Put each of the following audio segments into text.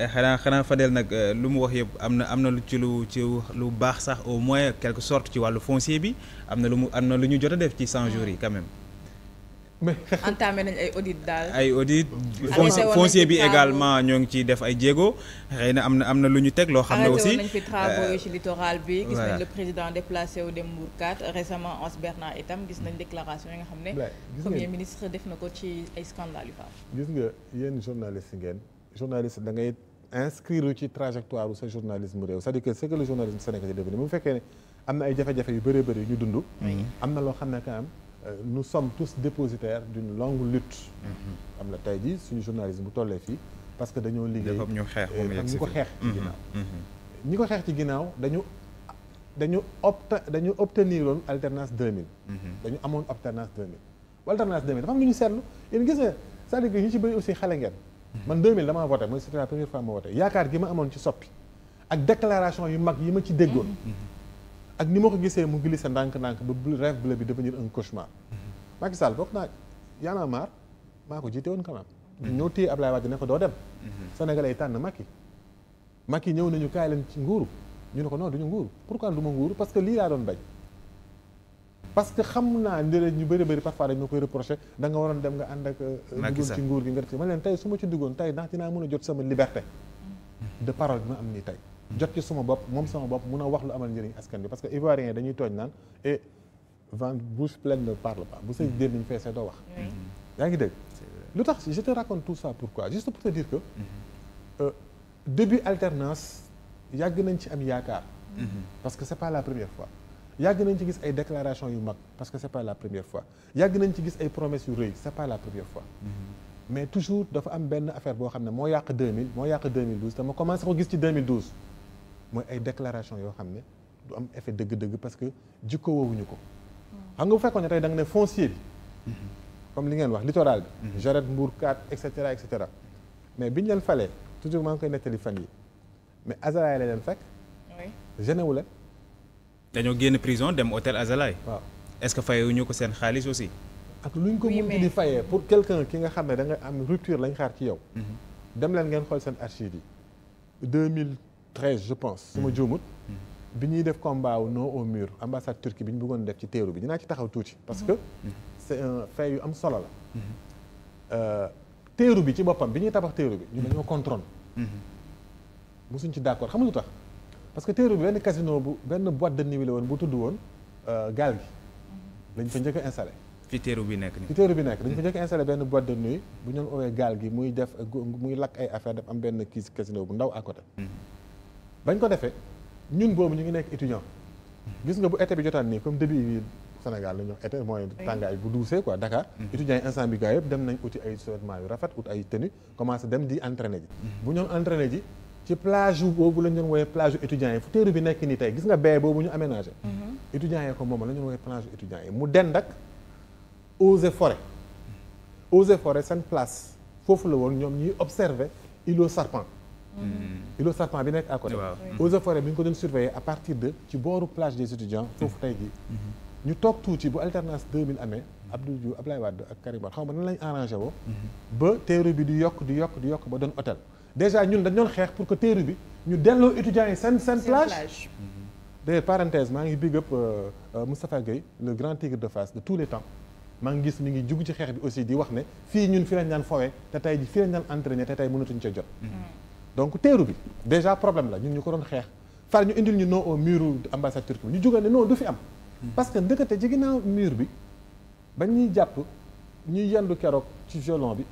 Eh, xanaa xanaa Fadel nag eh, lu mu wax yëpp am na am na lu ci lu ci lu baax sax au moins quelque sorte ci wàllu foncier bi am na lu mu am na lu ñu jot a def ci 100 jours yi quand même. mais entamé nañ ay audit daal. ay audit foncier bi également ñoo ngi ciy def ay jéego xëy na am na am na lu ñu teg loo xam ne aussi. nañ fi travaux euh, ci littoral bi. gis nañ le président déplacé wu dem Mbour 4 récemment Anse itam gis nañ déclaration yi nga xam ne. premier ministre def na ko ci ay scandale yu fa gis journaliste da ngay inscrire ci trajectoire wu sa journalisme réew c'est-à-dire que c'est que le journalisme sénégalais est fekkee ne am na ay jafe-jafe yu bëree bëri yu ñu dund am na loo xam ne quand même euh, nous sommes tous dépositaires d'une longue lutte mm-hmm. am na tey jii suñu journalisme bu tollee fii parce que dañoo liggéey ñu ko xeex ci mm-hmm. ginnaaw mm-hmm. ñi ko xeex ci ginnaaw dañu dañu obt dañu obtenir loon alternance 2000 dañu amoon alternance 2000 alternance 2000 dafa am lu ñu seetlu yéen gis nga dire que ñu ci bëy aussi xale ngeen man 2000 damaa voté mooy c'était la première fois ma voté yaakaar gi ma amoon ci soppi ak déclaration yu mag yi ma ci déggoon ak ni ma ko gisee mu glissé ndànk-ndànk ba bu bleu bi devenir un cauchemar Macky Sall bokk naa ko a marre maa ko jiite woon quand ñëw téye Ablaye Wade ne ko doo dem Sénégalais yi tànn Macky Macky ñëw nañu kaay leen ci nguuru ñu ne ko non duñu nguuru pourquoi du ma nguuru parce que lii laa doon bañ parce que xam naa ne ñu bëri bëri parfois dañ ma koy reproché da nga waroon dem nga ànd ak. Euh, duggoon ci nguur gi nga def ma leen tey su ma ci duggoon tey ndax dinaa mën a jot sama liberté de parole bi ma am nii tey. jot ci sama bopp moom sama bopp mun a wax lu amal njëriñ askan bi parce que Ivoiriens yi dañuy tooñ naan et eh, vent bouche pleine ne parle pas bu say jëriñ mm-hmm. feesee doo wax. Mm-hmm. yaa ngi dégg. lu tax je te raconte tout ça pourquoi juste pour te mm-hmm. euh, début alternance yàgg nañ ci am yaakaar. parce que c'est pas la yàgg nañ ci gis ay déclaration yu mag parce que c'est pas la première fois yàgg nañ ci gis ay promesses yu rëy c'est pas la première fois mm-hmm. mais toujours dafa am benn affaire boo xam ne moo yàq 2000 moo yàq 2012 te ma commencé ko gis ci mooy ay déclaration yoo xam ne du am effet dëgg-dëgg parce que jikko woowuñu ko mm. xam nga bu fekkoon ne tey da nga ne foncier mm-hmm. comme li ngeen wax littoral bi mm-hmm. Jaret Mbour 4 et cetera et cetera mais biñu leen falee toujours maa ngi koy nettali fan yi mais Azalaï la leen fekk genewu leen dañoo génn prison dem hôtel Azalaï. waaw est-ce que fayuñu ko seen xaalis aussi. ak ñu ko mën di fayee pour quelqu'un ki nga xam ne danga nga am rupture lañ xaar ci yow. Mhm. dem leen ngeen xool seen archives yi. 2013 je pense. su ma mhm. juumut mhm. bi ñuy def combat wu non au mur ambassade turquie bi ñu bëggoon def ci teeru bi dinaa ci taxaw tuuti. parce que c'est un yu am solo la. Euh, teeru bi ci boppam bi ñuy tabax teeru bi. ñu dañoo contrôle. mosuñ ci d'accord xam nga tax. parce que Terrou-bi benn casino bu benn boîte de nuit la woon bu tudd woon euh, gaal gi lañ fa njëkk a installé. fi Terrou bi nekk nii fi bi nekk dañ fa njëkk a benn boîte de nuit bu ñu doon gaal gi muy def muy lakk ay affaire daf am benn kii casino bu ndaw à côté. Hmm. bañ ko defee ñun boobu ñu ngi nekk étudiant gis nga bu ete bi jotaan nii comme début bi Sénégal la ñu wax été mooy tàngaay bu duusee quoi Dakar hmm. étudiants yi instant bi yëpp dem nañ uti ay survêtement yu rafet ut ay tenue commencé dem di entraîner ji hmm. bu ñoon entraîner ji ci plage boobu la ñu doon woowee plage étudiants yi fu teeru bi nekk nii tey gis nga baie boobu ñu aménagé. Mhm. étudiants yi ko moom la ñu doon woowee plage yi mu dend ak eaux et forêt eaux et forêt seen place foofu la woon ñoom ñuy observer îlot serpent. Mhm. îlot serpent bi nekk à côté. eaux et bi ñu ko doon surveiller à partir de ci booru plage des étudiants foofu tey jii. Mhm. ñu toog tuuti bu alternance 2000 amee. Abdou Diouf Ablaye Wade ak Karim xaw ma nan la arrangé woo. ba teeru bi di yokk di yokk di yokk ba doon hôtel. déjà ñun dañ doon xeex pour que téere bi ñu delloo étudiants yi seen seen plage de mm-hmm. parenthèse maa ngi big up euh, euh, Moustapha Gueye le grand tigre de Fass de tous les temps maa ngi gis mi ngi jug ci xeex bi aussi di wax ne fii ñun fi lañ daan fowee te tey ji fi lañ daan entraîné te tey mënatuñu ca jot mm-hmm. donc téeru bi déjà problème la ñun ñu ko doon xeex far ñu indil ñu non au euh, muru ambassade turque bi ñu jógal ne non du fi am mm-hmm. parce que ndëkkate ci ginnaaw miir bi ba ñuy jàpp ñuy yendu keroog ci violon bi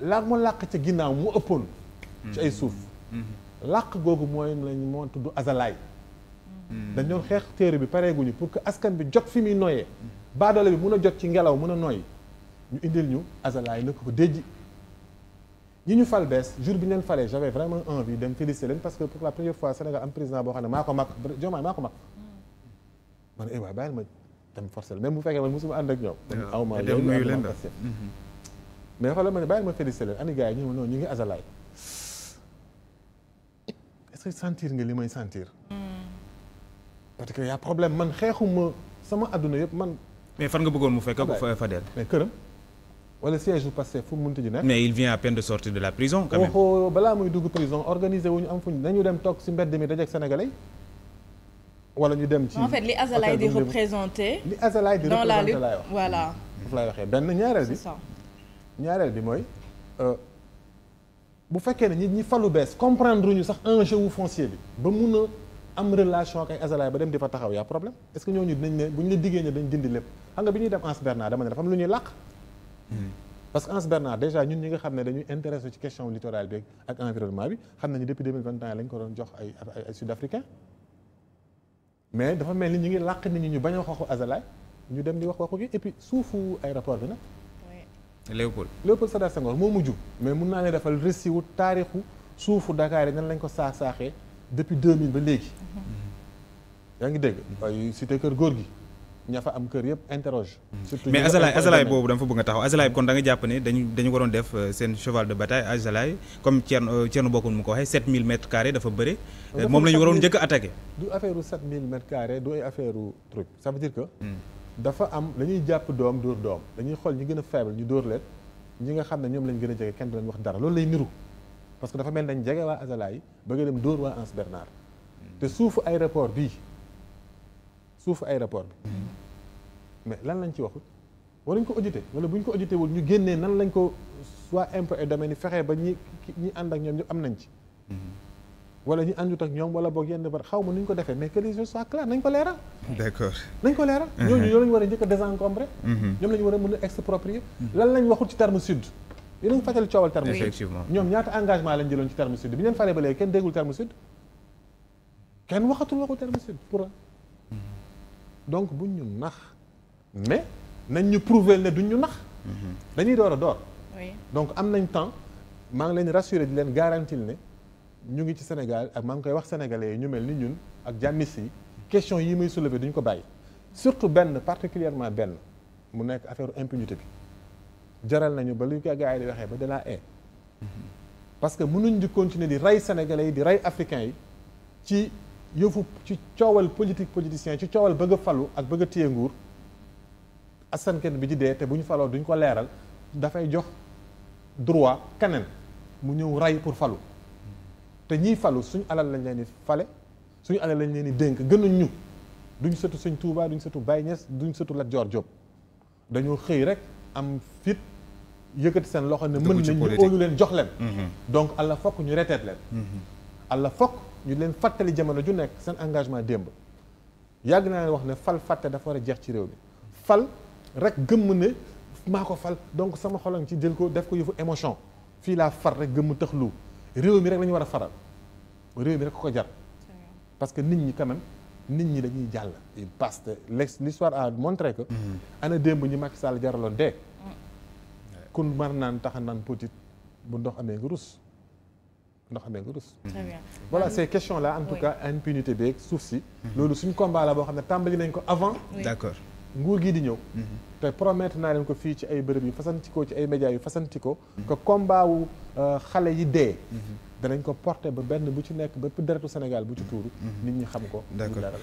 laa mu làq ci ginnaaw mu ëppoon ci ay suuf mm-hmm. làq googu mooy lañ moo tudd azalaay mm-hmm. dañoon xeex téere bi pareeguñu pour que askan bi jot fi muy nooyee mm-hmm. baadoole bi mun a jot ci ngelaw mun a nooy ñu indil ñu azalaay na ko déjji ñi ñu fal bees jour bi ñu leen falee j'avais vraiment envie dem féliciter leen parce que pour la première fois Sénégal am président boo xam ne maa ko mag Diomaye maa ko mag mm. man eh waay bàyyil ma dem forcé même bu fekkee man mosuma ànd ak ñoom awma yow mais xoolal ma ne bàyyi ma félicité leen ani gars yi ñu ngi azalaay est sentir nga li may sentir. parce que y a problème man xeexuma sama adduna yëpp man. mais fan nga bëggoon mu fekk fa Fadel. mais këram wala siège bu passé fu mu munti ñu nekk. mais il vient à peine de sortir de la prison. quand même waxoo balaa muy dugg prison organiser wu ñu am fu ñu nañu dem toog si mbedd mi dajeeg sénégalais. wala ñu dem ci en fait li Azalaï di représenté. li Azalaï di représenté laay wax dans la lutte voilà. ñaareel bi mooy euh, bu fekkee ne nit ñi falu bees comprendre ñu sax enjeu wu foncier bi ba mun a am relation ak ay azalaay ba dem di fa taxaw yaa problème est-ce que ñooñu dinañ ne bu ñu la diggee ne dañ dindi lépp xam nga bi ñuy dem Anse Bernard dama hmm. ñun ñi nga xam ne dañuy intéressé ci question littoral bi ak environnement bi xam nañu depuis 2021 lañ ko doon jox ay mais dafa mel ni ñu ngi làq nit ñi ñu bañ a wax waxu azalaay ñu dem di wax waxu gi et puis suufu aéroport bi nag Léopold Léopold Sédar Senghor moo mujj mais mun naa ne defal récit wu taarixu suufu Dakar nan lañ ko saax saaxee depuis 2000 ba léegi. Mm-hmm. yaa ngi dégg waaye cité kër góor gi ña fa am kër yëpp interroge. surtout mais azalaay azalaay boobu dama fa bëgg a taxaw azalaay kon da nga jàpp ne dañu dañu waroon def euh, seen cheval de bataille azalaay comme Thierno euh, Thierno Bocoum mu ko waxee 7000 mètres carrés dafa bëre. moom la ñu waroon njëkk a du affaire 7000 mètres carrés du ay affaire truc ça veut dafa am dañuy jàpp doom dóor doom dañuy xool ñi gën a faible ñu dóor leen ñi nga xam ne ñoom lañ gën a jege kenn du leen wax dara loolu lay niru parce que dafa mel dañ jege waa Azalaï yi bëgg dem dóor waa Anse Bernard hmm. te suufu aéroport bi suufu aéroport bi hmm. mais lan lañ ci waxut waruñ ko audité wala buñ ko audité wul ñu génnee nan lañ ko soit impôt et domaine ni fexee ba ñi ñi ànd ak ñoom ñëpp am nañ ci hmm. wala ñu àndut ak ñoom wala boog yenn bar xaw ma nu ñu ko defee mais que les choses soient claires nañ ko leeral d'accord nañ ko leeral mhm. ñooñu ñoo lañu war a njëkk a mhm. ñoom lañu war a mën a exproprier mhm. lan lañ waxul ci terme sud yéen a ngi fàttali ñoom ñaata engagement lañ jëloon ci terme sud bi leen falee ba léegi kenn déggul terme sud kenn waxatul waxu terme sud pour donc buñ ñu nax mais nañ ñu prouver ne duñ ñu nax dañuy door a door don am nañ temps maa ngi leen rassurer di leen garantir ne ñu ngi ci Sénégal ak maa ngi koy wax sénégalais yi ñu mel ni ñun ak jàmmis yi question yi muy soulever duñ ko bàyyi surtout benn particulièrement benn mu nekk affaire impunité bi jaral nañu ba lu ko gars yi di waxee ba danaa ee parce que mënuñ di continuer di rey sénégalais yi di rey africains yi ci yëfu ci coowal politique politicien ci coowal bëgg a falu ak bëgg a téye nguur askankat bi di dee te bu ñu faloo duñ ko leeral dafay jox droit keneen mu ñëw rey pour falu te ñii falu suñ alal lañ leen di fale suñu alal lañ leen di dénk gënuñ ñu duñ sëtu sëñ Tuubaa duñ sëtu Baay Ñas duñ sëtu Lat Joor Jóob dañoo xëy rek am fit yëkkati seen loxo ne mën nañ ñu óolu leen jox leen mhm. donc alla fokk ñu reteet leen mhm. alla fokk ñu leen fàttali jamono ju nekk seen engagement démb yàgg naa leen wax ne fal fàtte dafa war a jeex ci réew mi fal rek gëmm ne maa ko fal donc sama xolam ci jël ko def ko yëfu émotion fii laa far rek gëmm tëxlu réew mi rek lañu war a faral réew mi rek ko jar parce que nit ñi quand nit ñi dañuy jàll parce que l'histoire a montré que mm-hmm. ana démb ñu Macky Sall jaraloon dee mm-hmm. kun mar naan taxa naan petit bu ndox amee nga rus ndox amee nga rus voilà ces questions là en tout cas impunité beeg suuf si mm-hmm. loolu suñ combat boo xam ne tàmbali nañ ko avant d'accord nguur gii di ñëw mhm. te promettre naa leen ko fii ci ay bërëb yu fasantikoo ci ay médias yu fasantikoo mhm. que combat wu euh, xale yi dee mhm. danañ ko porter ba benn bu ci nekk bépp deretu Sénégal bu ci tuuru nit ñi xam ko d'accord